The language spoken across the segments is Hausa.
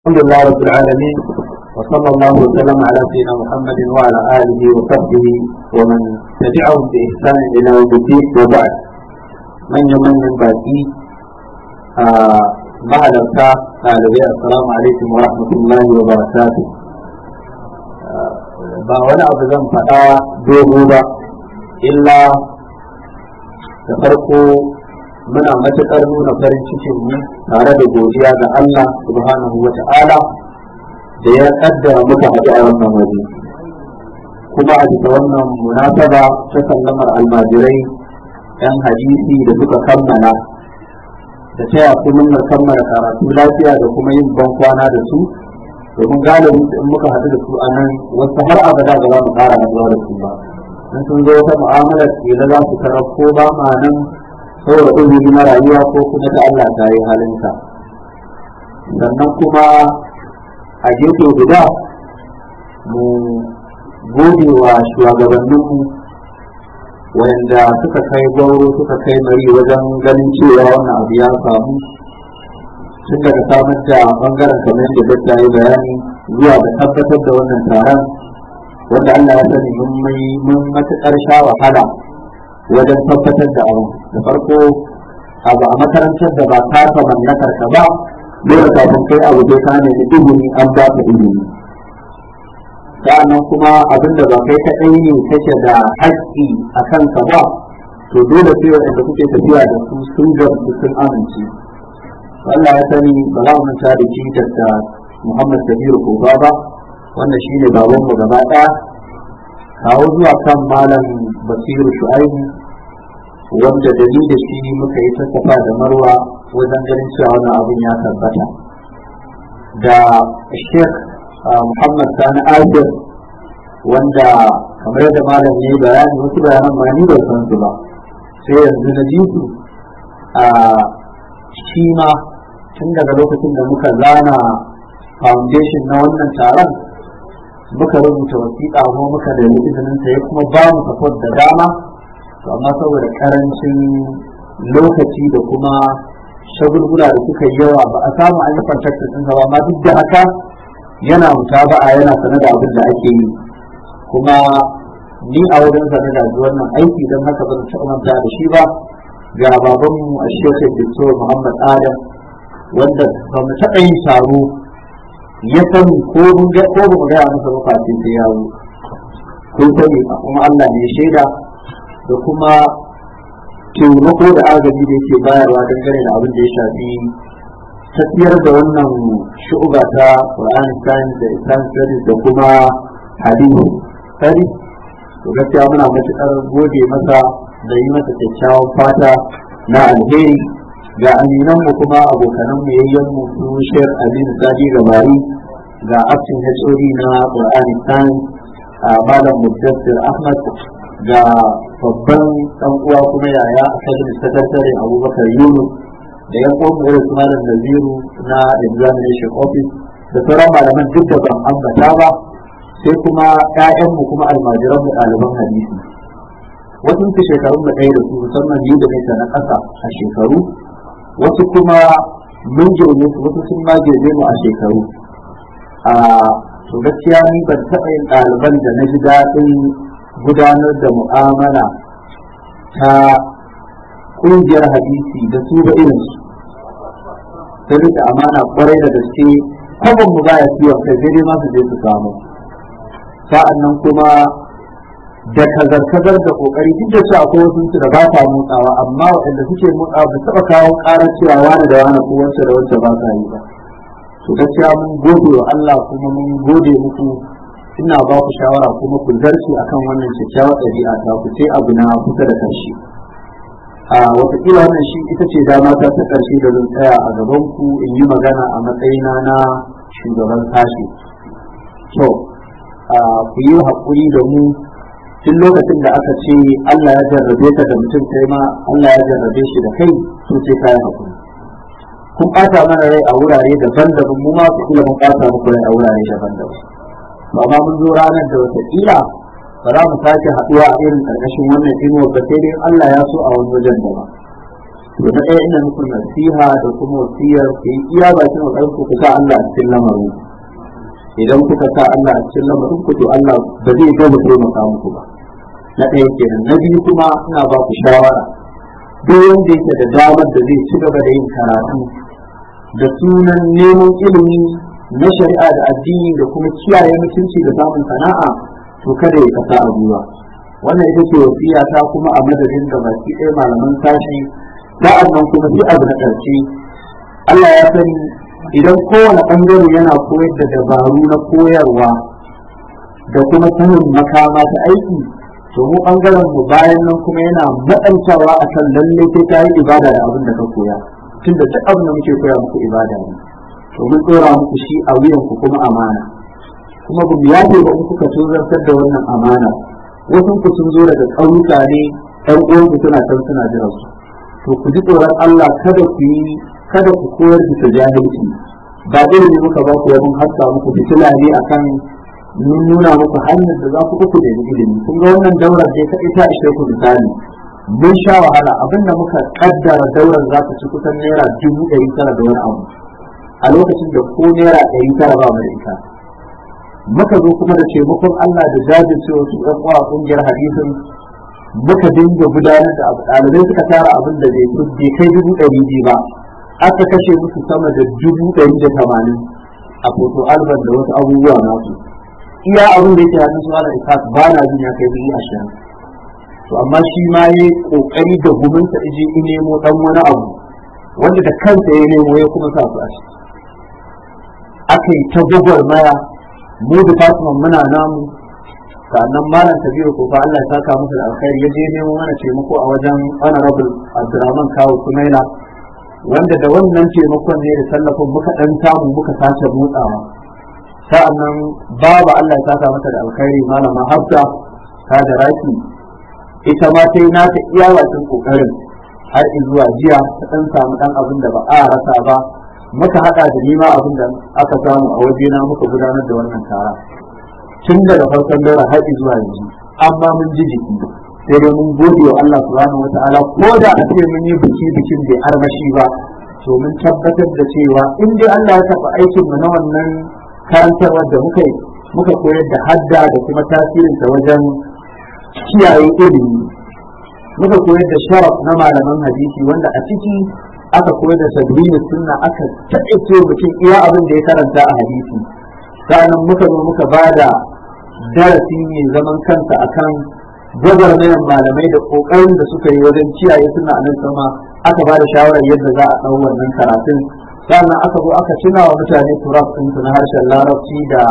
الحمد لله رب العالمين وصلى الله وسلم على سيدنا محمد وعلى اله وصحبه ومن تبعهم باحسان الى يوم الدين وبعد من يمن من باقي mahalarta ɗalibai assalamu alaikum wa rahmatullahi wa barakatuh ba wani abu zan faɗa dogo ba illa da farko muna matuƙar nuna farin cikin mu tare da godiya ga Allah subhanahu wa ta'ala da ya kaddara muka haɗu a wannan waje kuma a bisa wannan munasaba ta sallamar almajirai yan hadisi da suka kammala da taya su murnar kammala karatu lafiya da kuma yin kwana da su domin galibin in muka haɗu da su a nan wasu har abada ba za mu ƙara haɗuwa da su ba in sun zo wata mu'amalar kila za su tarar ko ba ma nan saboda uzuri na rayuwa ko kuma da Allah ta yi halinka sannan kuma a gefe guda mu gode wa shugabanninmu wanda suka kai gauro suka kai mari wajen ganin cewa wannan abu ya samu tun daga samar da bangaren kamar yadda dakta yi bayani zuwa da tabbatar da wannan taron wanda Allah ya sani mun matuƙar sha wahala wajen tabbatar da abu da farko abu a makarantar da ba ta ka mallakar ka ba dole kafin kai abu sai ka nemi izini an ba ka izini sa'annan kuma abin da ba kai kaɗai ne kake da haƙƙi a kanka ba to dole sai waɗanda kuke tafiya da su sun gamsu sun amince Allah ya sani ba za mu da shi da Muhammad Kabiru ko ba wannan shine baban mu gaba ɗaya kawo zuwa kan malam Basiru Shu'aibu wanda da da shi muka yi sassafa da marwa wajen ganin cewa wannan abin ya tabbata da sheikh ah, muhammad sani abir wanda kamar da malam ne bayani wasu bayanan ma ni bai san su ba sai yanzu na ji su a ah, shi ma tun daga lokacin da muka zana foundation na wannan taron muka rubuta wasiƙa kuma muka da izinin sa ya kuma ba mu support da dama to amma saboda karancin lokaci da kuma shagulgula da suka yi yawa ba a samu an yi contract din ba amma duk da haka yana wuta a yana sana da abin da ake yi kuma ni a wajen sana da wannan aiki don haka ban taɓa manta da shi ba ga babanmu a shekar Dr. Muhammad Adam wanda ba mu taɓa yin taro ya sani ko ba mu gaya masa mafafin da ya yi kun sani kuma Allah ne shaida da kuma taimako da agaji da yake bayarwa dangane da abin da ya shafi tafiyar da wannan shu'uba ta Qur'an science da Islam studies da kuma hadisi studies to gaskiya muna matuƙar gode masa da yi masa kyakkyawan fata na alheri ga mu kuma abokananmu mu su Sheikh Aminu Sadi Gabari ga Aftin HOD na Qur'an science a Malam Mujassir Ahmad ga babban dan uwa kuma yaya academy secretary abubakar yunus da ya koma irin malam naziru na examination office da sauran malaman duk da ban ambata ba sai kuma ƴaƴanmu kuma almajiran mu ɗaliban hadisi wasu su shekarun da ɗaya da su musamman yi da nesa na ƙasa a shekaru wasu kuma mun girme su wasu sun ma girme mu a shekaru a ah, to gaskiya ni ban taɓa yin ɗaliban da na ji daɗin gudanar da mu'amala ta kungiyar hadisi da su ba irin su ta rika amana kwarai da gaske kwabon mu baya siyar kai sai masu je su samu sa'annan kuma da kazar-kazar da kokari duk da su akwai wasu da ba ta motsawa amma waɗanda suke motsawa ba taɓa kawo ƙarar cewa wani da wani ko wacce da wacce ba ta yi ba to gaskiya mun gode wa Allah kuma mun gode muku ina ba ku shawara kuma ku zarce akan wannan kyakkyawar ɗabi'a ta ku sai abu na kusa da karshe a kila wannan shi ita ce dama ta ta karshe da zan tsaya a gaban ku in yi magana a matsayina na shugaban sashi to ku yi haƙuri da mu tun lokacin da aka ce Allah ya jarrabe ka da mutum kai ma Allah ya jarrabe shi da kai to sai ka yi haƙuri kun ɓata mana rai a wurare daban-daban mu ma su kula mun ɓata muku rai a wurare daban-daban ba ma mun zo ranar da wata ba za mu sake haɗuwa a irin ƙarƙashin wannan inuwa ba sai dai Allah ya so a wani wajen da ba to na ɗaya ina muku nasiha da kuma wasiyar ku yi iya bakin ƙarfin ku sa Allah a cikin lamarin idan kuka sa Allah a cikin lamarin ku to Allah ba zai gama taimaka muku ba na ɗaya kenan na biyu kuma ina ba ku shawara duk wanda yake da damar da zai ci gaba da yin karatu da sunan neman ilimi na shari'a da addini da kuma kiyaye mutunci da samun sana'a to kada ya kasa a ruwa wannan ita ce wasiya ta kuma a madadin da baki ɗaya malaman tashi sa'an nan kuma sai abu na ƙarshe Allah ya sani idan kowane ɓangare yana koyar da dabaru na koyarwa da kuma sanin makama ta aiki to mu ɓangaren mu bayan nan kuma yana matsantawa kan lallai sai ta yi ibada da abin da ka koya tunda duk abin da muke koya muku ibada ne to mun tsora muku shi a wuyan ku kuma amana kuma ku ya ce ba kuka tozartar da wannan amana wasu ku sun zo daga ƙauyuka ne ɗan uwan ku suna can suna jiran su to ku ji tsoron Allah kada ku yi kada ku koyar da jahilci ba ne muka ba ku wani haska muku fitila ne akan mun nuna muku hanyar da za ku uku da ilimi kun ga wannan daular dai ta ita ishe ku misali mun sha wahala abinda muka kaddara daular za ta ci kusan naira dubu ɗari tara da wani abu a lokacin da ko naira ɗari tara ba mu da ita muka zo kuma da taimakon Allah da jajircewa su ɗan uwa ƙungiyar hadisin muka dinga gudanar da abu ɗalibai suka tara abin da bai bai kai dubu ɗari biyu ba aka kashe musu sama da dubu ɗari da tamanin a foto alban da wasu abubuwa nasu iya abin da yake hannu su ala ishaq ba na jin ya kai dubu ashirin to amma shi ma ya yi ƙoƙari da gumin sa ije in nemo ɗan wani abu wanda da kansa ya nemo ya kuma sa su a ciki aka yi ta maya, mu da fasiman muna namu sannan malam tabiru ko fa Allah ya saka masa da alkhairi ya je neman mana taimako a wajen honorable Abdurrahman Kawu Kumaila wanda da wannan taimakon ne da tallafin muka dan samu muka sace motsawa sa'annan babu Allah ya saka masa da alkhairi malama Hafsa ta da raki ita ma sai na ta iya wasan kokarin har zuwa jiya ta dan samu dan abin da ba a rasa ba muka haɗa da nima abin da aka samu a waje na muka gudanar da wannan tara tun daga farkon dora har zuwa yanzu amma mun ji jiki sai dai mun gode wa Allah subhanahu wataala ko da a ce mun yi biki bikin bai armashi ba to mun tabbatar da cewa in dai Allah ya taɓa aikin mu na wannan karantarwar da muka yi muka koyar da hadda da kuma tasirin ta wajen kiyaye ilimi muka koyar da sharaf na malaman hadisi wanda a ciki aka koyar da tadwini sunna aka taƙaice mutum iya abin da ya karanta a hadisi sanan muka zo muka bada darasi mai zaman kansa akan gwagwarmayar malamai da ƙoƙarin da suka yi wajen ciyaye suna nan sama aka ba da shawarar yadda za a ɗau wannan karatun sannan aka zo aka tuna wa mutane turaf ɗinsu na harshen larabci da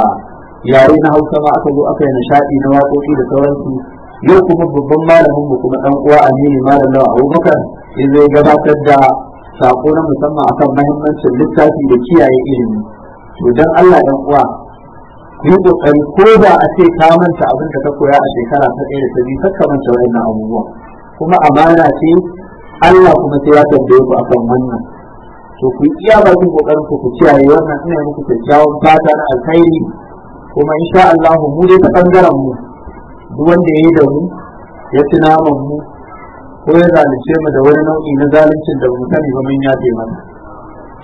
yare na hausa ma aka zo aka yi nishaɗi na waƙoƙi da sauransu yau kuma babban malamin mu kuma ɗan uwa aminu malam lawa abubakar ya zai gabatar da sako na musamman akan mahimmancin littafi da kiyaye ilimi to dan Allah dan uwa ku yi kokari ko da a ce ka manta abin da ka koya a shekara ta ɗaya da ta biyu ka manta wannan abubuwan kuma amana ce Allah kuma sai ya tambaye ku akan wannan to ku yi iya bakin kokarin ku ku kiyaye wannan ina muku kyakkyawan fata na alkhairi kuma insha Allah mu dai ta bangaren mu duk wanda ya yi da mu ya ci naman mu ko ya zalunce mu da wani nau'i na zaluncin da mu sani ba mun yafe masa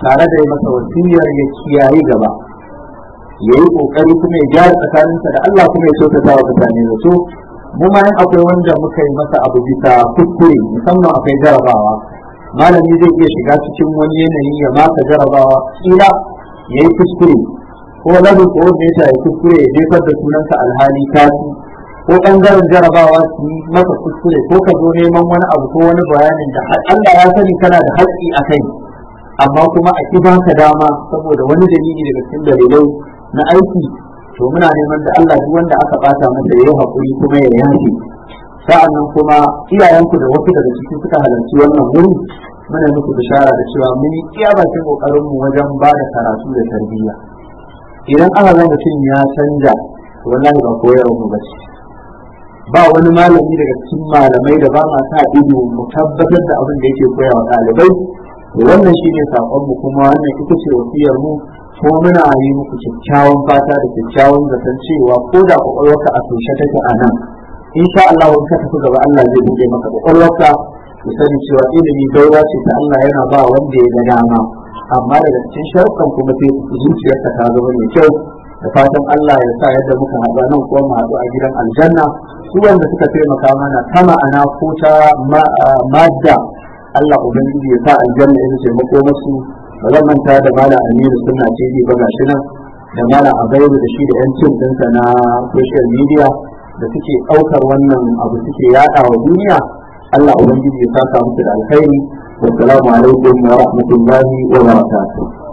tare da ya masa wasiyar ya kiyaye gaba ya yi kokari kuma ya gyara tsakaninsa da Allah kuma ya ta wa mutane da so mu ma akwai wanda muka yi masa abu bisa kuskure musamman akwai jarabawa malami zai iya shiga cikin wani yanayi ya maka jarabawa kila ya yi kuskure ko labin ko wanda ya kuskure ya jefar da sunansa alhali tasu ko bangaren jarabawa su yi maka kuskure ko ka zo neman wani abu ko wani bayanin da Allah ya sani kana da haƙƙi a kai amma kuma a ki baka dama saboda wani dalili daga cikin dalilai na aiki to muna neman da Allah duk wanda aka bata masa ya yi haƙuri kuma ya yafe sa'annan kuma iyayenku da wasu daga cikin suka halarci wannan wuri muna muku bishara da cewa mun yi iya bakin ƙoƙarinmu wajen ba da karatu da tarbiyya idan aka zama mutum ya canja wallahi ba koyarwa mu ba ce ba wani malami daga cikin malamai da ba ma sa ido mu tabbatar da abin da yake koyawa ɗalibai wannan shine sakon mu kuma wannan ita ce wasiyar mu ko muna yi muku kyakkyawan fata da kyakkyawan zaton cewa ko da kwakwalwarka a tushe take a nan insha Allah wani ka tafi gaba Allah zai buɗe maka kwakwalwarka ku sani cewa ilimi daura ce ta Allah yana ba wanda ya ga dama amma daga cikin sharuɗan kuma sai zuciyarka ta zama mai kyau da fatan Allah ya sa yadda muka haɗu nan kuma mu haɗu a gidan aljanna su wanda suka taimaka mana ta ma'ana ko ta madda Allah ubangiji ya sa aljanna ya ce mako musu ba zan manta da mala Aminu suna ce ba gashi nan da mala abairu da shi da yancin dinsa na social media da suke ɗaukar wannan abu suke yaɗa wa duniya Allah ubangiji ya saka musu da alkhairi wassalamu alaikum wa rahmatullahi wa barakatuh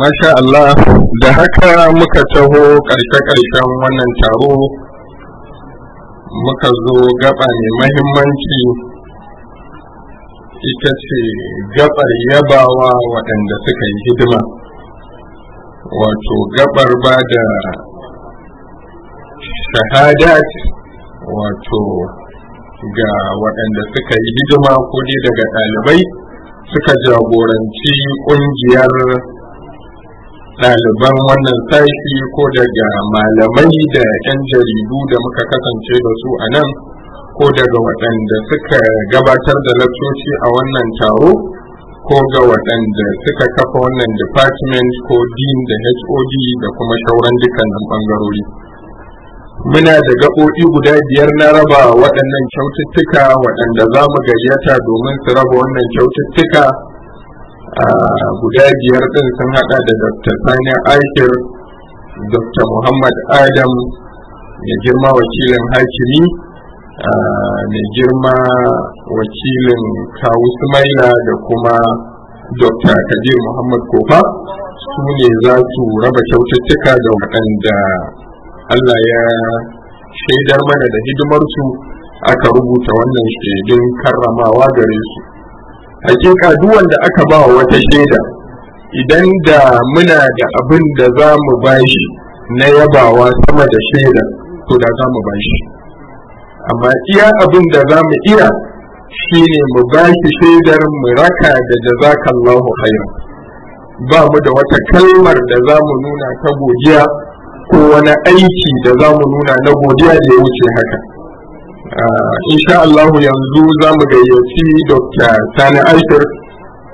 masha Allah da haka muka taho ƙarshe-ƙarshen wannan taro muka zo gaba mai mahimmanci ita ce gabar yabawa waɗanda suka yi hidima wato gabar ba da shahadat wato ga waɗanda suka yi hidima ko dai daga ɗalibai suka jagoranci ƙungiyar ɗaliban wannan sashi ko daga malamai da 'yan jaridu da muka kasance da su a nan ko daga waɗanda suka gabatar da laccoci a wannan taro ko ga waɗanda suka kafa wannan department ko dean da hod da kuma shauran dukkanin ɓangarori. muna da gaɓoɓi guda biyar na raba waɗannan kyaututtuka waɗanda za mu gayyata domin su raba wannan kyaututtuka guda biyar ɗin sun haɗa da dr sani aikir dr muhammad adam mai girma wakilin hakimi mai girma wakilin kawu sumaila da kuma dr kabir muhammad kofa su ne za su raba kyaututtuka ga waɗanda Allah ya shaidar mana da hidimarsu aka rubuta wannan shaidun karramawa gare su hakika duk wanda aka ba wata shaida idan da muna da abin da za mu bashi na yabawa sama da shaida to da za mu bashi amma iya abin da za mu iya shine mu bashi shaidar mu raka da jazakallahu khairan ba mu da wata kalmar da za mu nuna ta godiya ko wani aiki da za mu nuna na godiya da ya wuce haka ah, insha Allah yanzu za mu gayyaci Dr. Sani Aishir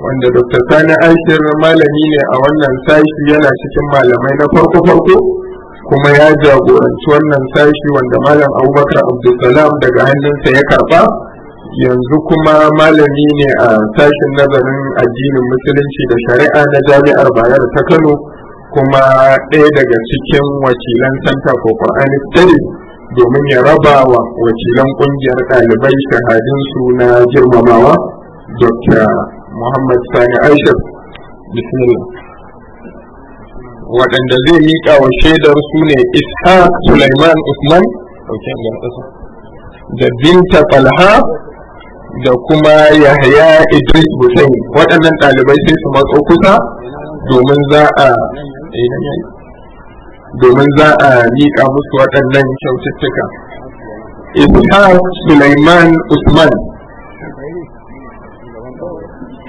wanda Dr. Sani Aishir malami ne a wannan sashi yana cikin malamai na farko-farko kuma ya jagoranci wannan sashi wanda malam Abubakar Abdulsalam daga hannunsa ya karba yanzu kuma malami ne a sashin nazarin addinin musulunci da shari'a na jami'ar Bayero ta Kano kuma ɗaya daga cikin wakilan santa ko Quranic tare domin ya raba wa wakilan ƙungiyar ɗalibai su na girmamawa Dr. Muhammad Sani Aisha Bismillah. Waɗanda zai miƙa wa shaidar su ne Isha Sulaiman Usman da Binta Talha da kuma Yahya Idris Hussein waɗannan ɗalibai sai su matso kusa domin za a ɗaya eh, nan domin za a miƙa musu waɗannan kyaututtuka ishaq Suleiman usman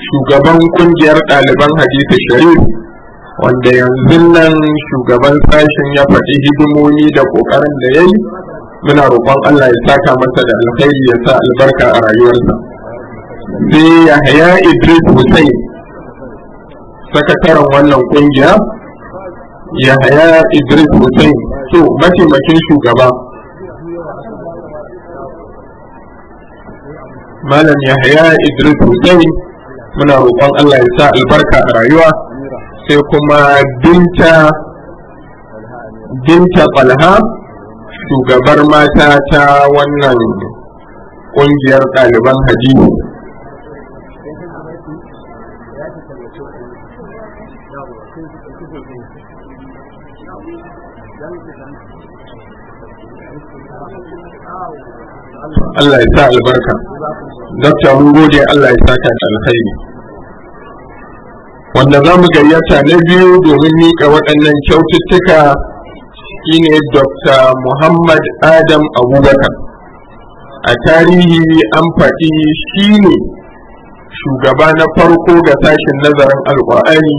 shugaban ƙungiyar ɗaliban hadisi sharif wanda yanzu nan shugaban sashen ya faɗi hidimomi da ƙoƙarin da ya yi muna roƙon allah ya saka masa da alkhairi ya sa albarka a rayuwarsa sai yahaya idris hussein sakataren wannan ƙungiya. yahaya idris hussein to mataimakin shugaba malam yahaya idris hussein muna roƙon allah ya sa albarka a rayuwa sai kuma binta binta falha shugabar mata ta wannan ƙungiyar ɗaliban hadisi Allah ya sa albarka dokta mun gode Allah ya saka ta alkhairi wanda za mu gayyata na biyu domin miƙa waɗannan kyaututtuka shine Dr. Muhammad Adam Abubakar a tarihi an faɗi shine shugaba na farko ga sashin nazarin alƙwa'ani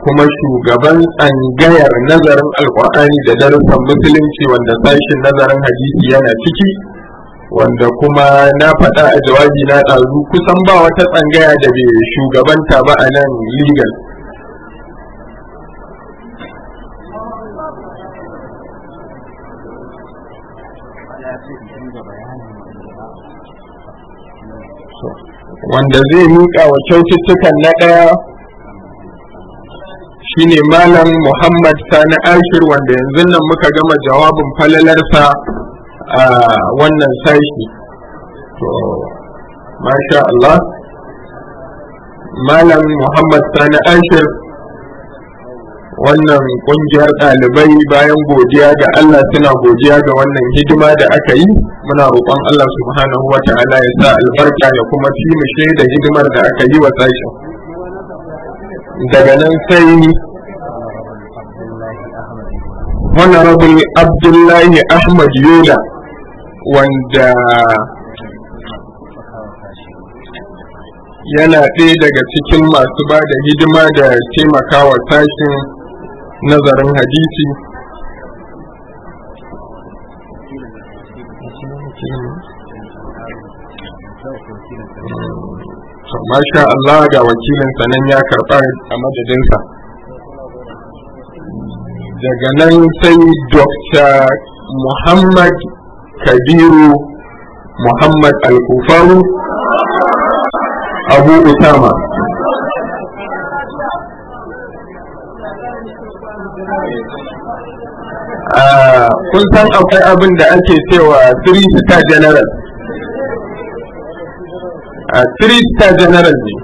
kuma shugaban tsangayar nazarin alƙwa'ani da darussan musulunci wanda sashen nazarin hadisi yana ciki wanda kuma na faɗa a jawabi na ɗazu kusan ba wata tsangaya da bai shugabanta ba a nan legal wanda zai miƙa wa kyaututtukan na ɗaya shine malam muhammad sani ashir wanda yanzu nan muka gama jawabin falalarsa a wannan sashi to masha Allah malam Muhammad Sani Ashir wannan kungiyar ɗalibai bayan godiya ga Allah suna godiya ga wannan hidima da aka yi muna roƙon Allah subhanahu wa ta'ala ya sa albarka ya kuma fi mu da hidimar da aka yi wa sashen daga nan sai wannan rabin Abdullahi Ahmad Yola wanda yana ɗaya daga cikin masu ba da hidima da taimakawa tashin nazarin hadisi masha Allah ga wakilinsa nan ya karɓa a madadinsa daga nan sai Dr. Muhammad kabiru muhammad Alkufaru kufaru abu usama ah, kun san akwai abin da ake cewa three star general a ah, three star general ne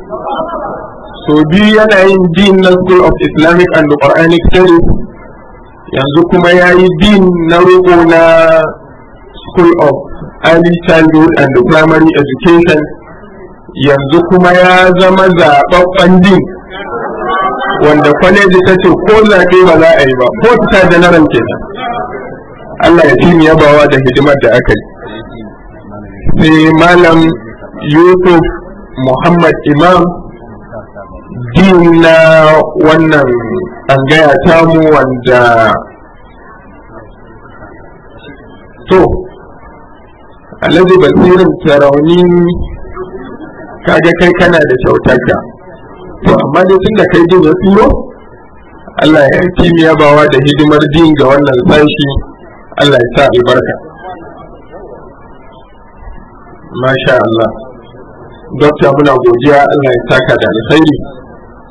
so biyu yana yin dean na school of islamic and quranic studies yanzu kuma ya yi dean na roƙo na School of Early Childhood and Primary Education yanzu kuma ya zama zaɓaɓɓen din wanda kwaleji ta ce ko zaɓe ba za a yi ba ko ta rance kenan Allah ya fi bawa da hidimar da aka yi sai malam yusuf muhammad imam din na wannan angaya tamu wanda to alladhi basirun tarawni kaga kai kana da kyautarka to amma dai tun da kai jin tsiro Allah ya ya bawa da hidimar din ga wannan sashi Allah ya sa albarka masha Allah dokta muna godiya Allah ya saka da alkhairi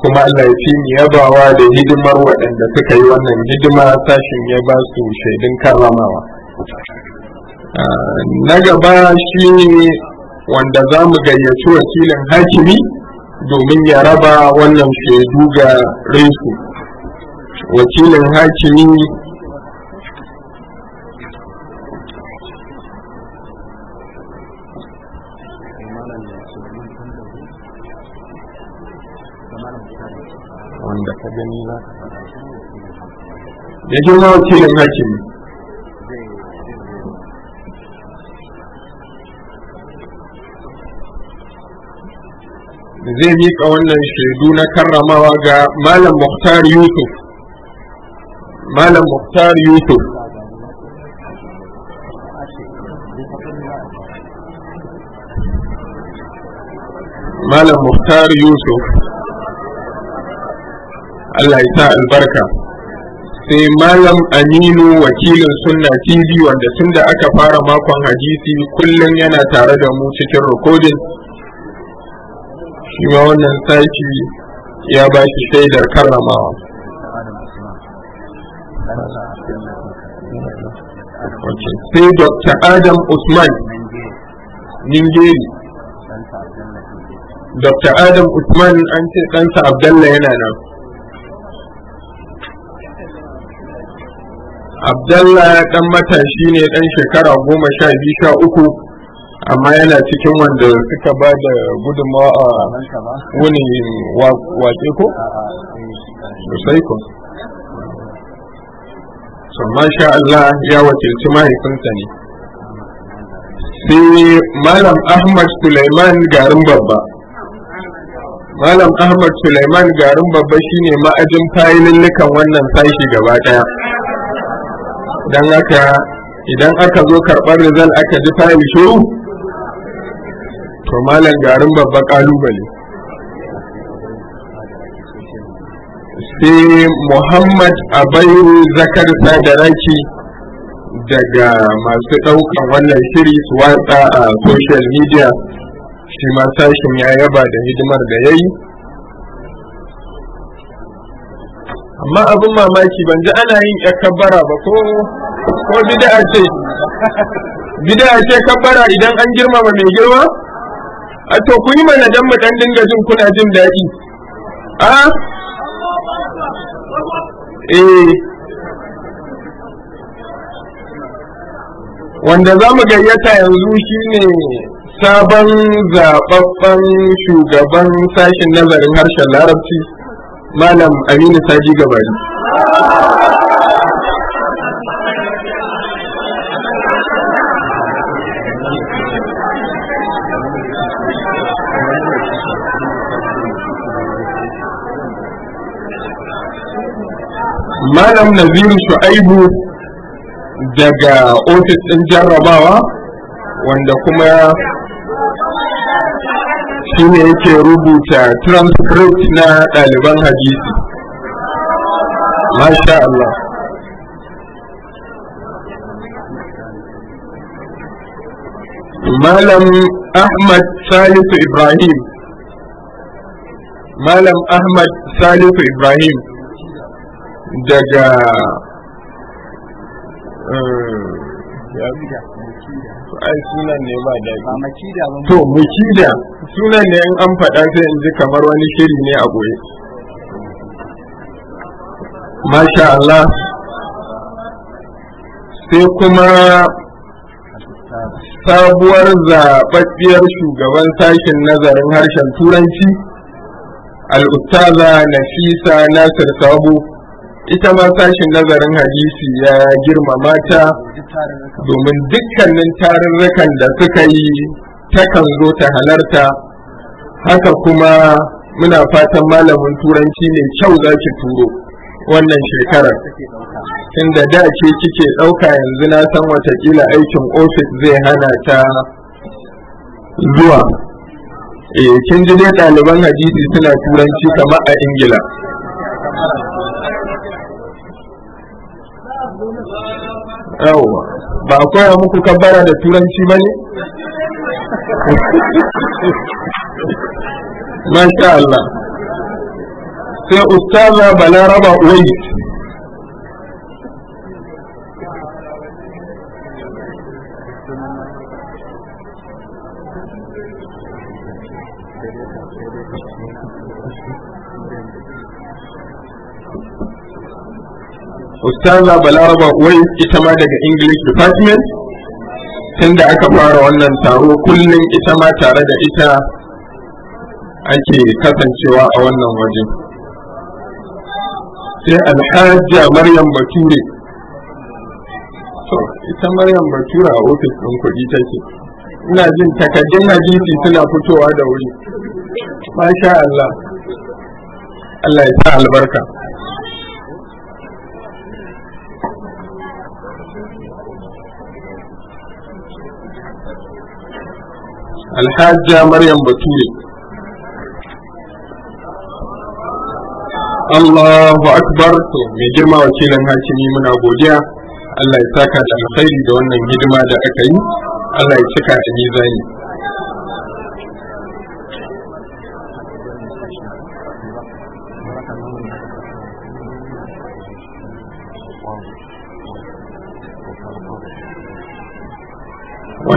kuma Allah ya fi yabawa da hidimar waɗanda suka yi wannan hidima sashin ya ba su shaidun karramawa na gaba shi ne wanda za mu gayyaci wakilin hakimi domin ya raba wannan shaidu ga resu wakilin hakimi wanda ka gani za ka ya wakilin hakimi zai miƙa wannan shaidu na karramawa ga malam muhtar yusuf malam muhtar yusuf malam muhtar yusuf allah ya sa albarka sai malam aminu wakilin sunna tv wanda tun da aka fara makon hadisi kullum yana tare da mu cikin rikodin shi ma wannan saki ya ba shi shaidar karramawa sai dr adam usman ningeri dr adam usman an ce ɗansa abdalla yana nan abdalla ɗan matashi ne ɗan shekara goma sha biyu sha uku amma yana cikin wanda suka ba da gudunmawa a wani wake ko? sosai ko so masha Allah ya wakilci mahaifinsa ne sai malam ahmad suleiman garin babba malam ahmad suleiman garin babba shine ma'ajin fayilillukan wannan sashi gaba daya don haka idan aka zo karɓar rizal aka ji fayil shuru to malam garin babba kalubale sai muhammad abairu zakar sadaraki daga masu ɗaukan wannan shiri su watsa a social media shi ma sashin ya yaba da hidimar da ya yi amma abin mamaki ban ji ana yin kabbara ba ko ko bid'a ce bid'a ce kabbara idan an girmama mai girma a to ku yi mana dan mu dinga jin kuna jin daɗi a eh wanda za mu gayyata yanzu shine sabon zababban shugaban sashen nazarin harshen larabci malam aminu saji gabari malam naziru shu'aibu daga ofis ɗin jarrabawa wanda kuma shi ne yake rubuta transcript na ɗaliban hadisi masha Allah malam ahmad salisu ibrahim malam ahmad salisu ibrahim daga sunan ne ba to mukida sunan ne in an faɗa sai in ji kamar wani shiri ne a goye masha Allah sai kuma sabuwar zaɓaɓɓiyar shugaban sashen nazarin harshen turanci al'ustaza nafisa nasir sabo ita ma sashin nazarin hadisi ya girmama ta domin dukkanin tarurrukan da suka yi takan zo ta halarta haka kuma muna fatan malamin turanci mai kyau za ki turo wannan shekarar inda da ke kike ɗauka yanzu na san watakila aikin ofis zai hana ta zuwa eh, kin ji dai ɗaliban hadisi suna turanci kamar a ingila yawwa ba a koya muku kabbara da turanci ba ne masha Allah sai ustaza balaraba uwais ustaza balaraba wai ita ma daga english department tunda aka fara wannan taro kullum ita ma tare da ita ake kasancewa a wannan wajen sai Alhaji maryam bature to ita maryam bature a ofis ɗin kuɗi take ina jin takaddun hadisi suna fitowa da wuri masha Allah Allah ya sa albarka alhaja maryam bature Allahu akbar to mai girma wakilin hakimi muna godiya Allah ya saka da alkhairi da wannan hidima da aka yi Allah ya cika da mizani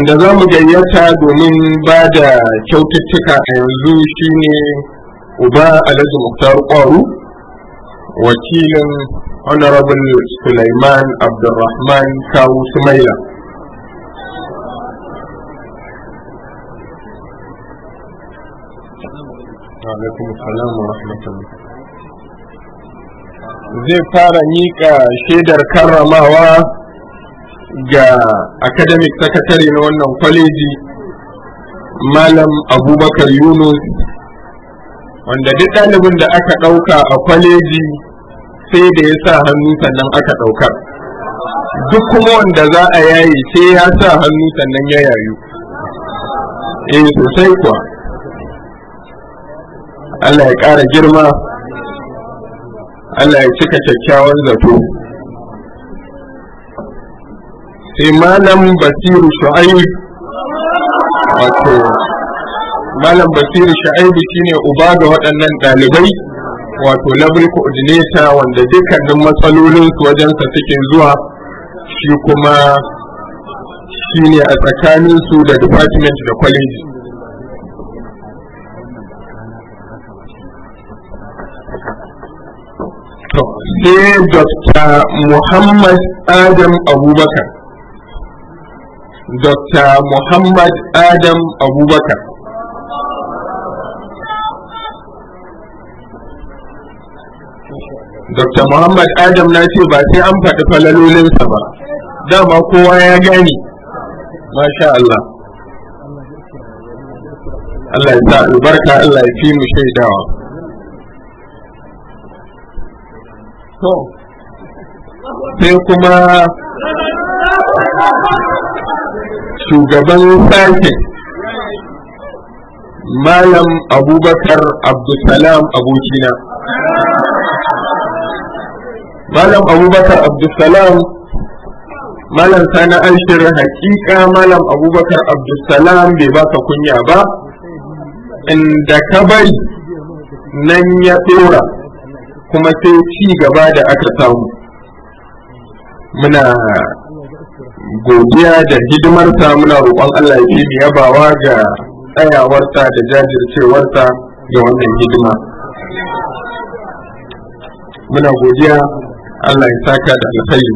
wanda za mu gayyata domin ba da kyaututtuka a yanzu shine uba alhaji muktar kwaru wakilin honorable suleiman abdulrahman kawo sumaila zai fara miƙa shaidar karramawa ga academic secretary na wannan kwaleji malam abubakar yunus wanda duk ɗalibin da aka ɗauka a kwaleji sai da ya sa hannu sannan aka ɗaukar duk kuma wanda za a yayi sai ya sa hannu sannan ya yayu e sosai kuwa Allah ya ƙara girma Allah ya cika kyakkyawan zato sai eh, malam basiru shu'aib wato malam basiru shu'aib shine uba ga waɗannan ɗalibai wato level coordinator wanda dukkanin matsalolin su wajen sa suke zuwa shi kuma shine a tsakanin su da department da college sai dr muhammad adam abubakar Dr. Muhammad Adam Abubakar. Dr. Muhammad Adam na ce ba sai an faɗi falalolinsa ba, dama kowa ya gani masha Allah. Allah ya sa albarka Allah ya fi mu shaidawa. sai kuma shugaban sakin malam abubakar abdulsalam abokina malam abubakar abdulsalam malam sana an shirin hakika malam abubakar abdulsalam bai baka kunya ba inda ka bari nan ya tsora kuma sai ci gaba da aka samu muna godiya da hidimarta muna roƙon Allah ya fi yabawa ga tsayawarta da jajircewarta da wannan hidima muna godiya Allah ya saka da alkhairi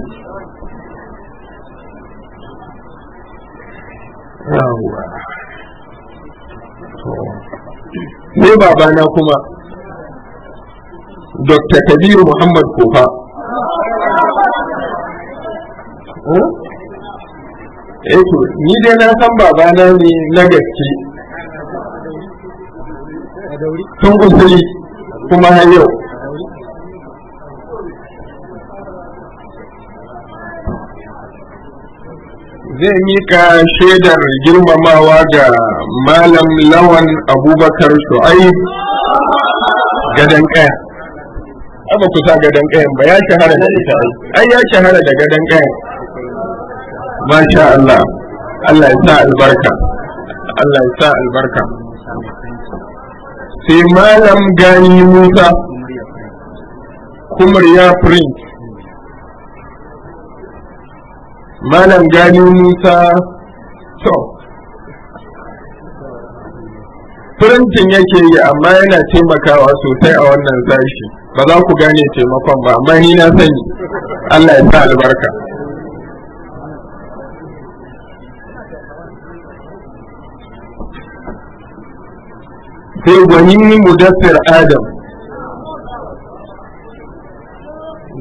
ne babana kuma dr kabiru muhammad kofa eh to ni dai na san babana ne na gaske tun usuri kuma har yau zai mika shaidar girmamawa ga malam lawan abubakar shu'aib gadon kaya ba ku sa gadon kayan ba ya shahara da ita ai ya shahara da gadon kayan masha Allah Allah ya sa albarka Allah ya sa albarka sai malam gani Musa kuma ya print malam gani Musa to printin yake yi amma yana taimakawa sosai a wannan sashi ba za ku gane taimakon ba amma ni na sani Allah ya sa albarka sai gwani mudassir adam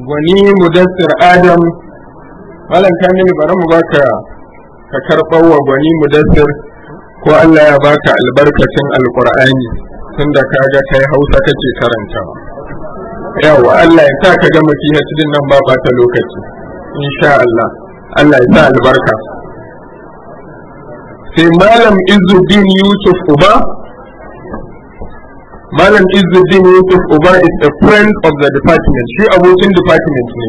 gwani mudassir adam malam ka mini bari mu baka ka karɓar wa gwani mudassir ko Allah ya baka albarkacin alƙur'ani tunda ka ga kai hausa kake karantawa yawa Allah ya sa ka gama PhD nan ba ba ta lokaci insha Allah Allah ya sa albarka sai malam Izuddin Yusuf Uba malam izzuddin yusuf uba is a friend of the department shi abokin department ne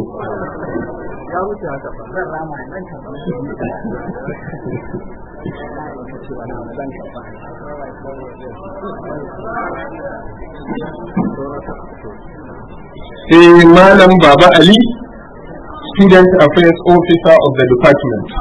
sai malam baba ali student affairs officer of the department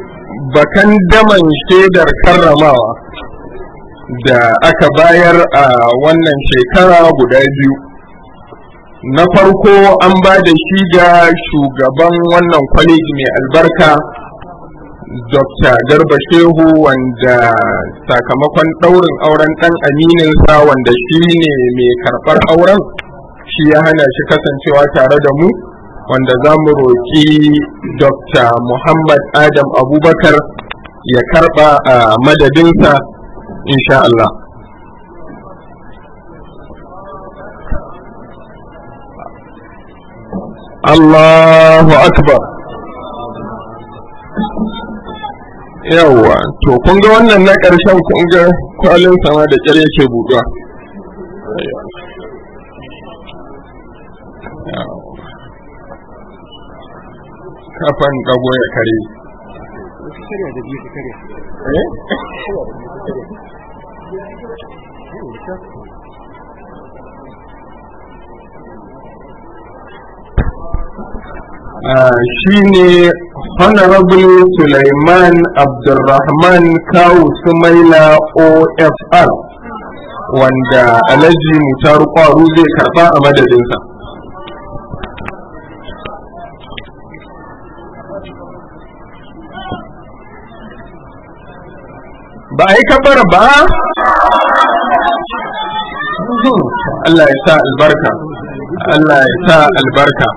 bakan daman shaidar karramawa da aka bayar a wannan shekara guda biyu na farko an ba da shi ga shugaban wannan kwaleji mai albarka dr garba shehu wanda sakamakon ɗaurin auren ɗan amininsa wanda shi ne mai karɓar auren shi ya hana shi kasancewa tare da mu wanda za mu roƙi dr muhammad adam abubakar ya karɓa a madadinsa insha Allah. Allahu akbar yawwa to kun ga wannan na ƙarshen kunga kwalinsa kwalin sama da ƙyar ke buɗuwa kafan dago ya kare eh? Eh, shi ne honorable suleiman abdulrahman kawu sumaila ofr wanda alhaji mutaru kwaru zai karba a madadinsa ba a yi kabbara ba Allah ya sa albarka Allah ya sa albarka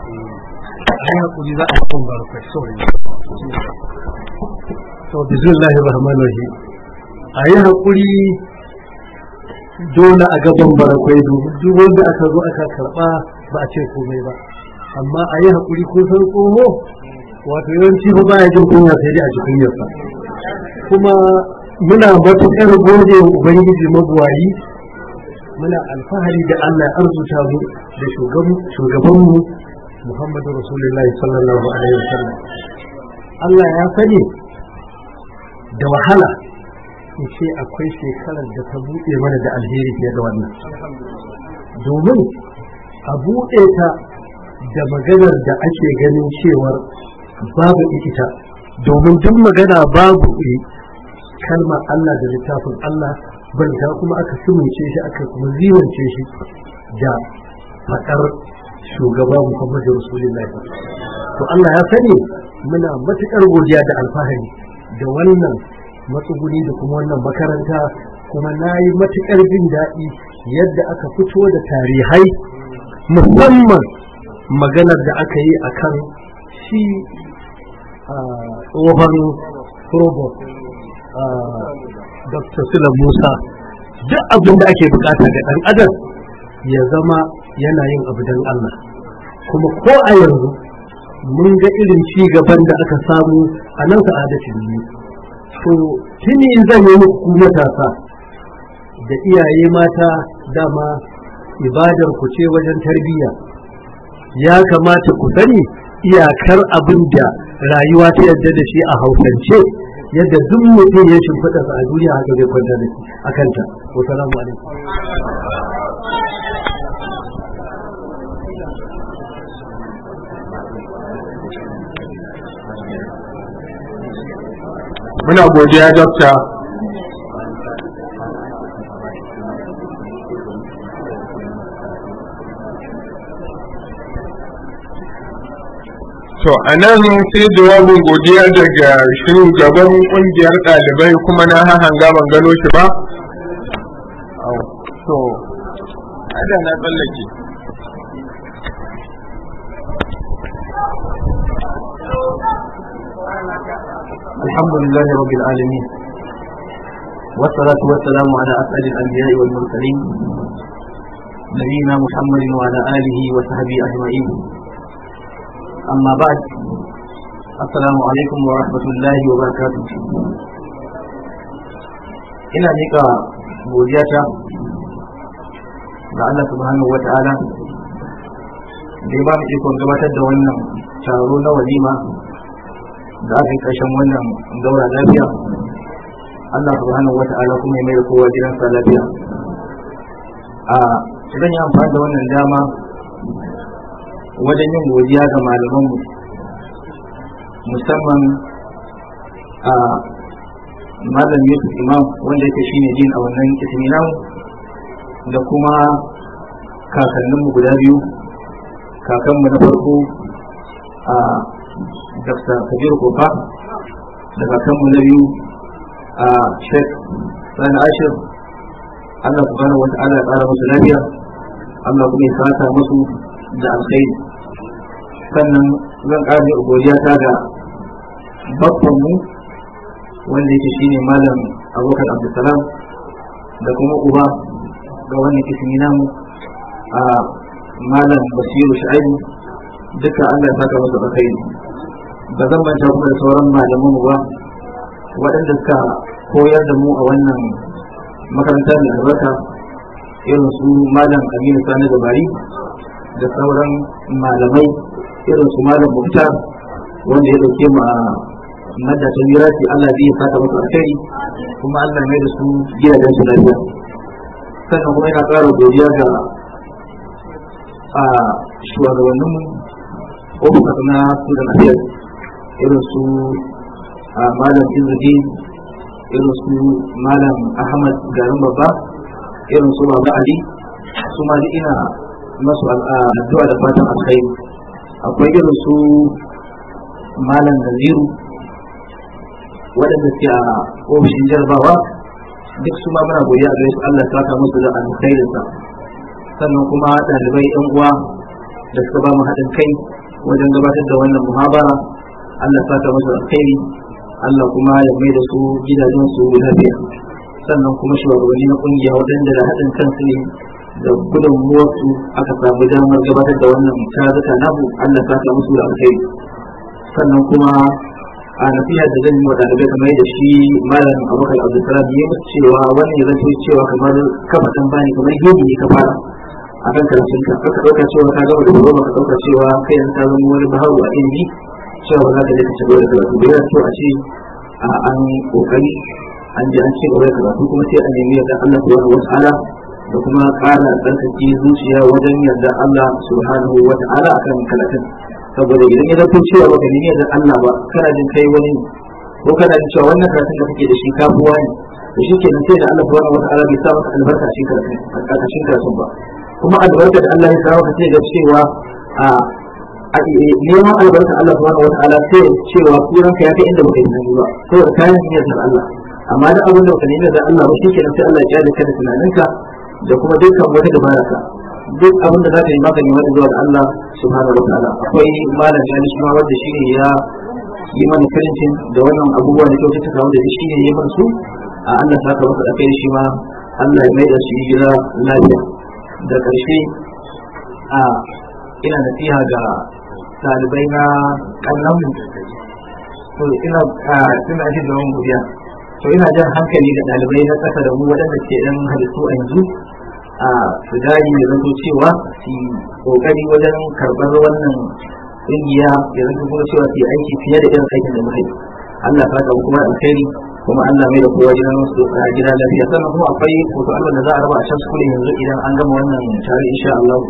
to bismillahir rahmanir rahim a yi haƙuri dole a gaban barakwai duk wanda aka zo aka karɓa ba a ce komai ba amma a yi haƙuri ko san tsoho wato yawanci ba ya jin kunya sai dai a jikin yasa kuma muna matuƙar gode wa ubangiji mabuwayi muna alfahari da Allah arzuta mu da shugabanmu Muhammadu Rasulullahi sallallahu alaihi wasallam Allah ya sani da wahala in ce akwai shekarar da ta buɗe mana da alheri fiye da wannan domin a buɗe ta da maganar da ake ganin cewar babu ita domin duk magana babu kalmar Allah da littafin Allah balta kuma aka sumunce shi aka kuma ziwance shi da faɗar shugaba Muhammadu Rasulullah to Allah ya sani muna matukar godiya da alfahari da wannan matsuguni da kuma wannan makaranta kuma na yi matukar jin daɗi yadda aka fito da tarihai musamman maganar da aka yi akan shi ah, tsohon robot Ah, Dr. Sula Musa duk abin da ake bukata ga ɗan adam ya zama yana yin abu don Allah kuma ko a yanzu mun ga irin ci gaban da aka samu a nan sa'adatin ne to tuni zan yi muku matasa da iyaye mata dama ibadar ku ce wajen tarbiyya ya kamata ku sani iyakar abin da rayuwa ta yadda da shi a hausance yadda duk mutum ya shimfiɗa a duniya haka zai kwanta da shi a kanta salamu alaikum muna godiya dokta to a nan sai jawabin godiya daga gaban kungiyar ɗalibai kuma na hahanga ban gano shi ba to ada na tsallake الحمد لله رب العالمين والصلاة والسلام على أسعد الأنبياء والمرسلين نبينا محمد وعلى آله وصحبه أجمعين amma ba assalamu alaikum wa rahmatullahi wa barakatuh ina miƙa godiyata ga Allah subhanahu wa ta'ala da ba mu ikon gabatar da wannan taro na walima da aka yi ƙarshen wannan daura lafiya Allah subhanahu wa ta'ala kuma ya mai kowa gidansa lafiya a zan yi amfani da wannan dama wajen yin godiya ga malamanmu musamman a malam yusuf imam wanda yake shine din a wannan ismi da kuma kakanninmu guda biyu kakanmu na farko a dr kabir kofa da kakanmu na biyu a sheikh sani ashir allah subhanahu wa ta'ala ya ƙara musu lafiya allah kuma ya sata musu da alkhairi sannan zan ƙara godiya ta ga babban mu wanda yake shine malam abokan abdulsalam da kuma uba ga wannan kisimi namu a malam basiru sha'ibu duka allah ya saka masa alkhairi ba zan manta kuma da sauran malaman ba waɗanda suka koyar da mu a wannan makarantar da albarka irin su malam aminu sani da bari da sauran malamai irin su malam muktar wanda ya dauke ma madda ta mirasi Allah zai fata musu alkhairi kuma Allah mai da su gidajen su lafiya sannan kuma yana ƙara godiya ga a shugabannin ofis na Sudan Affairs irin su malam Izudin irin su malam Ahmad Garin Babba irin su Baba Ali su ma ina masu ah, addu'a da fatan alkhairi akwai irin su malam naziru waɗanda ke a ofishin jarbawa duk su ma muna godiya a su Allah ta ka musu da alkhairinsa sannan kuma ɗalibai yan uwa da suka ba mu haɗin kai wajen gabatar da wannan muhabara Allah ta ka musu alkhairi Allah kuma ya mai da su gidajen su lafiya sannan kuma shugabanni na kungiya waɗanda da haɗin kansu ne da gudun wasu aka samu damar gabatar da wannan tazuka namu Allah ta ta musu da alkhairi sannan kuma a nasiha da zan yi wa ɗalibai kamar yadda shi malam abokan abdulsalam ya musu cewa wannan ya zanto cewa kamar kafa tambani kamar gidi ne ka fara a kan karatun ka ka ɗauka cewa ka gama da gaba ka ɗauka cewa kai yanzu ta zama wani Baha'u a ilimi cewa ba za ka je ka shigo da karatu ba yana so a ce an kokari an je an ci gaba karatu kuma sai an nemi yadda Allah subhanahu wa ala. da kuma ƙara tsarkake zuciya wajen yarda Allah subhanahu wa ta'ala akan kalatin saboda idan ya zanto cewa baka ne yarda Allah ba kana jin kai wani ko kana jin cewa wannan karatun da kake da shi buwa ne to shi ke sai da Allah subhanahu wa ta'ala bai sa maka albarka shi karatun a ƙarƙashin karatun ba kuma albarka da Allah ya sa maka sai ga cewa a neman albarka Allah subhanahu wa ta'ala sai cewa ka ya kai inda baka yi tunani ba saboda kayan niyyar Allah amma da abin da baka ne da Allah ba shi ke sai Allah ya jale ka da tunaninka da kuma dukkan wata dabara ka duk abin da za ka yi magani wani zuwa da Allah hana da ta'ala akwai malam shani shi ma wanda shi ne ya yi mana karancin da wannan abubuwa da kyautata kawo da shi ne ya yi su a Allah ta ka maka kai shi ma Allah ya mai da su yi gida lafiya da ƙarshe a ina nasiha ga talibai na ƙannan to ina suna jin da wani to ina jan hankali da ɗalibai na ƙasa da mu waɗanda ke ɗan halittu a yanzu a su dage ya zato cewa su kokari wajen karɓar wannan ƙungiya ya zato kuma cewa su aiki fiye da irin aikin da muka yi Allah fata kuma alkhairi kuma Allah mai da kowa gidan su a gida lafiya sannan kuma akwai hoto Allah da za a raba a can su yanzu idan an gama wannan tare insha Allah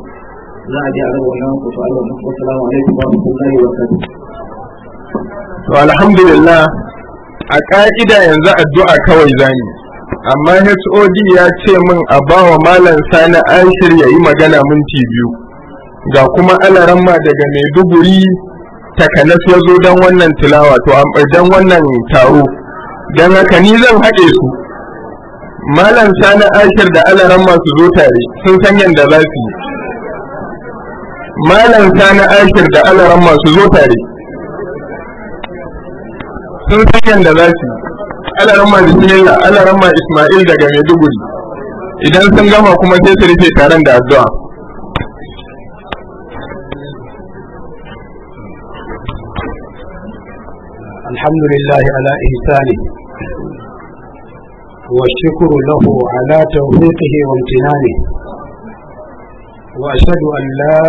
za a je a raba wannan hoto Allah salamu alaikum wa rahmatullahi wa barakatuh to alhamdulillah a ka'ida yanzu addu'a kawai zani amma hod ya ce min a bawa malam sani ashir ya yi magana minti biyu ga kuma alaramma daga maiduguri takanas ya zo don wannan tilawa to don wannan taro don haka ni zan haɗe su malam sani ashir da alaramma su zo tare sun san yadda za su yi malam sani ashir da alaramma su zo tare sun san yadda za su yi ala rama bismillah ala ismail daga maiduguri idan sun gama kuma sai su rufe taron da addu'a الحمد لله على إحسانه والشكر له على توفيقه وامتنانه وأشهد أن لا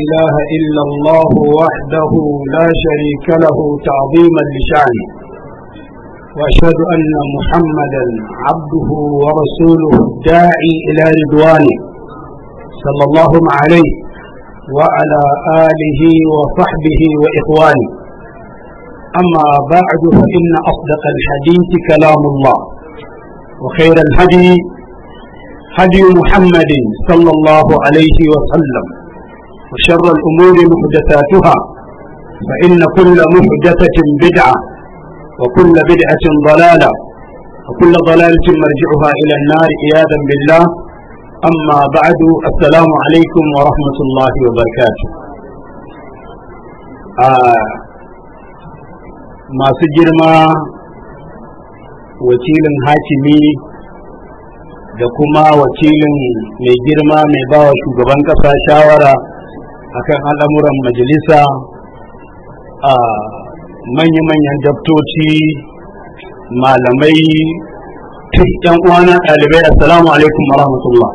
إله إلا الله وحده لا شريك له تعظيما لشانه وأشهد أن محمدا عبده ورسوله الداعي إلى رضوانه صلى الله عليه وعلى آله وصحبه وإخوانه أما بعد فإن أصدق الحديث كلام الله وخير الهدي هدي محمد صلى الله عليه وسلم وشر الأمور محدثاتها فإن كل محدثة بدعة وكل بدعة ضلالة وكل ضلالة مرجعها إلى النار عياذا بالله أما بعد السلام عليكم ورحمة الله وبركاته آه ما سجر ما وكيل هاشمي da kuma wakilin mai girma mai bawa shugaban kasa shawara akan al'amuran majalisa a manya-manyan daftoci malamai yan uwana ɗalibai assalamu alaikum wa rahmatullah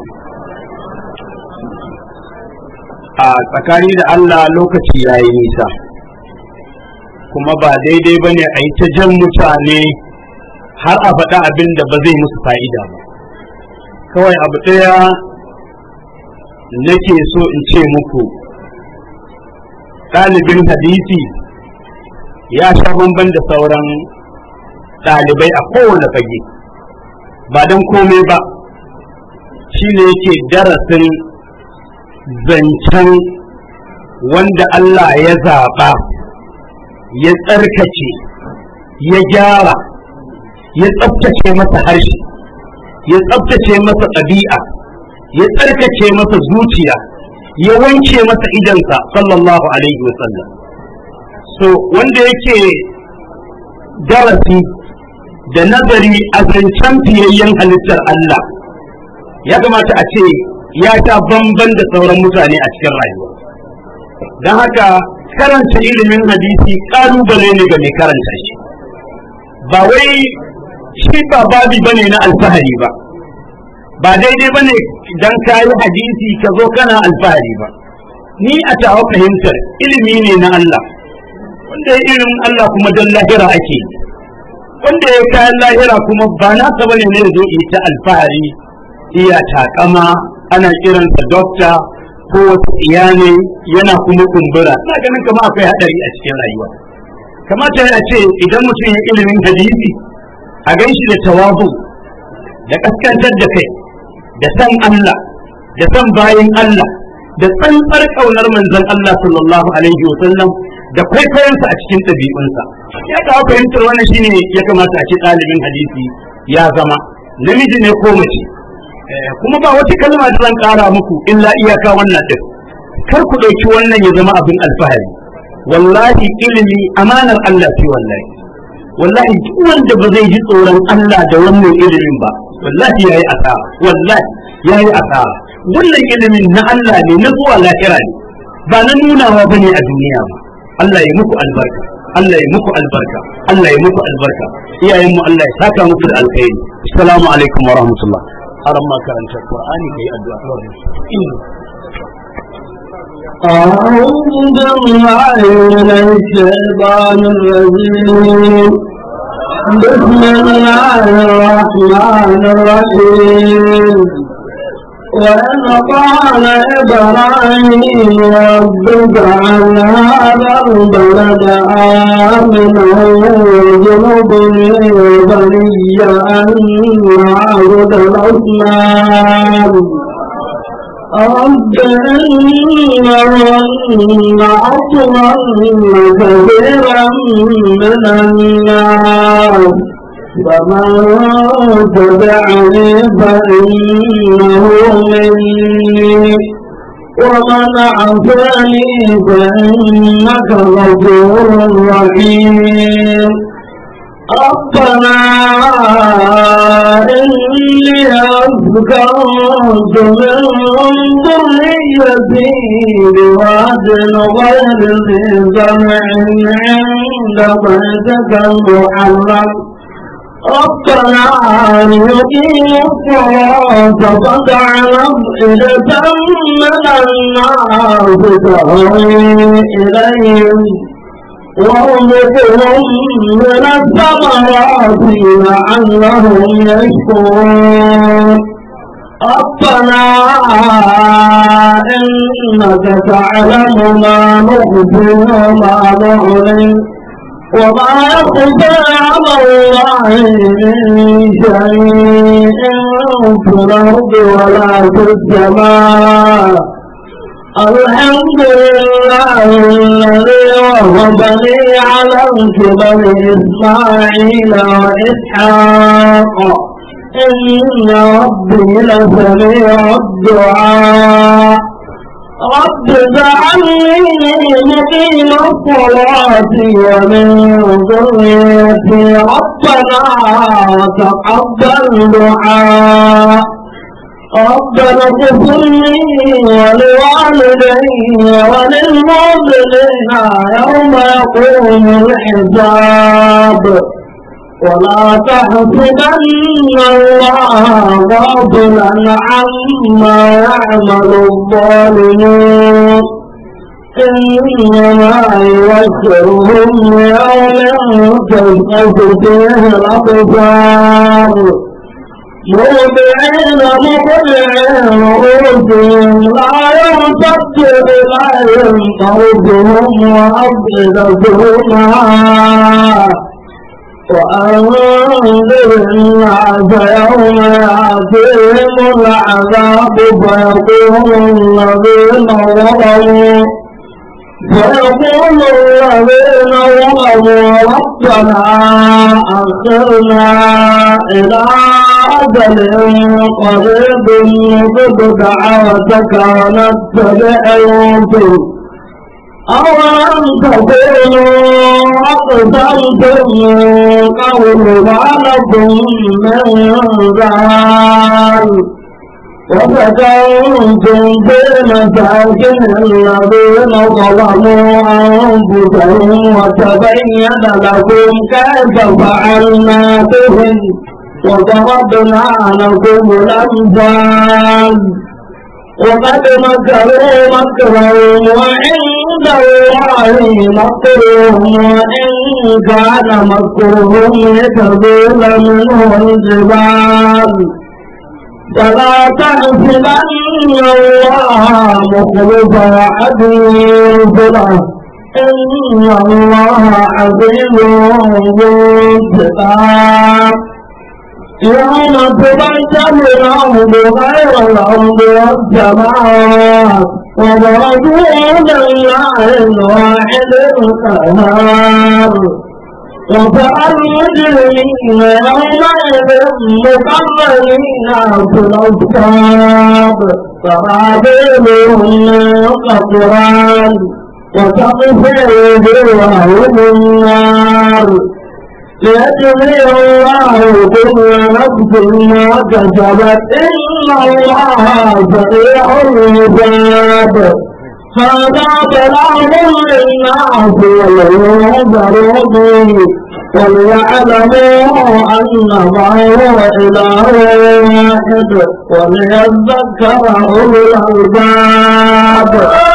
a tsakani da Allah lokaci ya yi nisa kuma ba daidai ba ne a yi ta jan mutane har a faɗa abin da ba zai musu fa'ida ba kawai abu ɗaya nake so in ce muku ɗalibin hadisi ya sha bamban da sauran ɗalibai a kowane fage ba don komai ba shi ne yake darasin zancen wanda Allah ya zaɓa ya tsarkace ya gyara ya tsabtace masa harshe ya tsabtace masa ɗabi'a ya tsarkace masa zuciya ya wanke masa idansa sallallahu alaihi wasallam so wanda yake darasi da nazari a zancen fiyayyen halittar Allah ya kamata a ce ya ta bamban da sauran mutane a cikin rayuwa don haka karanta ilimin hadisi ƙalubale ne ga mai karanta shi ba wai shi ba babi bane na alfahari ba ba daidai bane don ka hadisi ka zo kana alfahari ba ni a tawa fahimtar ilimi ne na Allah wanda ya irin Allah kuma don lahira ake wanda ya kayan lahira kuma ba nasa bane ne zo ita alfahari iya takama ana kiransa dokta ko wata yana kuma kumbura ina ganin kama akwai hadari a cikin rayuwa kamata ya ce idan mutum ya ilimin hadisi a shi da tawazu da kaskantar da kai da san Allah da san bayin Allah da tsantsar kaunar manzon Allah sallallahu alaihi wa sallam da kwaikwayonsa a cikin ɗabi'unsa ya kawo fahimtar wannan shine ya kamata a ce ɗalibin hadisi ya zama namiji ne ko mace eh, kuma ba wata kalma da zan ƙara muku illa iyaka wannan ɗin kar ku ɗauki wannan ya zama abin alfahari wallahi ilimi amanar Allah ce wallahi wallahi duk wanda ba zai ji tsoron Allah da wannan ilimin ba wallahi yayi asara wallahi yayi asara wannan ilimin na Allah ne na zuwa lahira ne ba na nunawa bane a duniya ba Allah ya muku albarka Allah ya muku albarka Allah ya muku albarka iyayen mu Allah ya saka muku da alkhairi assalamu alaikum wa rahmatullah aran ma karanta qur'ani kai addu'a أعوذ بالله من الشيطان الرجيم بسم الله الرحمن الرحيم وإن قال إبراهيم ربك عن هذا البلد آمنه جنبني وبني أن نعبد الأصنام رب إنهن عصرا كثيرا من النار فمن تبعني فإنه مني ومن عفاني فإنك غفور رحيم ربنا إني أسكنت من ذريتي بواد غير ذي سمع عند بيتك المحرم ربنا يقيم الصلاة فاجعل أفئدة من الناس تهوي إليهم وارزقهم من الثمرات لعلهم يشكرون ربنا إنك تعلم ما نخفي وما نعلن وما قضى على الله من شيء في الأرض ولا في السماء الحمد لله الذي وهبني على الكبر إسماعيل وإسحاق إن ربي لسميع الدعاء رب لا يقيم الصلاة ومن ذريتي ربنا تقبل دعاء ربنا اغفر لي ولوالدي وللمؤمنين يوم يقوم الحساب ولا تحسبن الله غافلا عما يعمل الظالمون إنما يوشرهم يوم تنقص فيه الأبصار مهدئين مقلعين رؤوسهم لا يرتد إليهم طرفهم وأفئدتهم وأنذر الناس يوم يأتيهم العذاب فيقول الذين ظلموا ويقول الذين ظلموا ربنا أخرنا إلى أجل قريب نجب دعوتك ونتبع الرسل أولم تقولوا أقسمتم من قبل لكم من ذلك وفتنتم بمساكن الذين ظلموا أنفسهم وتبين لكم كيف فعلنا بهم وضربنا لكم الأمثال وقد مكروا مكرهم وعند الله مكرهم وإن كان مكرهم لتزول منه الجبال فلا تغفلن الله مخلف عديده إن الله عزيز بالكتاب يوم تبدل الأرض غير الأرض والسماء وبرزوا لله الواحد القهار وجعل المجرمين يومئذ مقرنين في الاصحاب سرابيلهم من قطران وتقف وجوههم النار ليجزي الله كل نفس ما كسبت ان الله سريع الحساب هذا كلام للناس ولينذروا به وليعلموا أنما إله واحد وليذكر أولو الألباب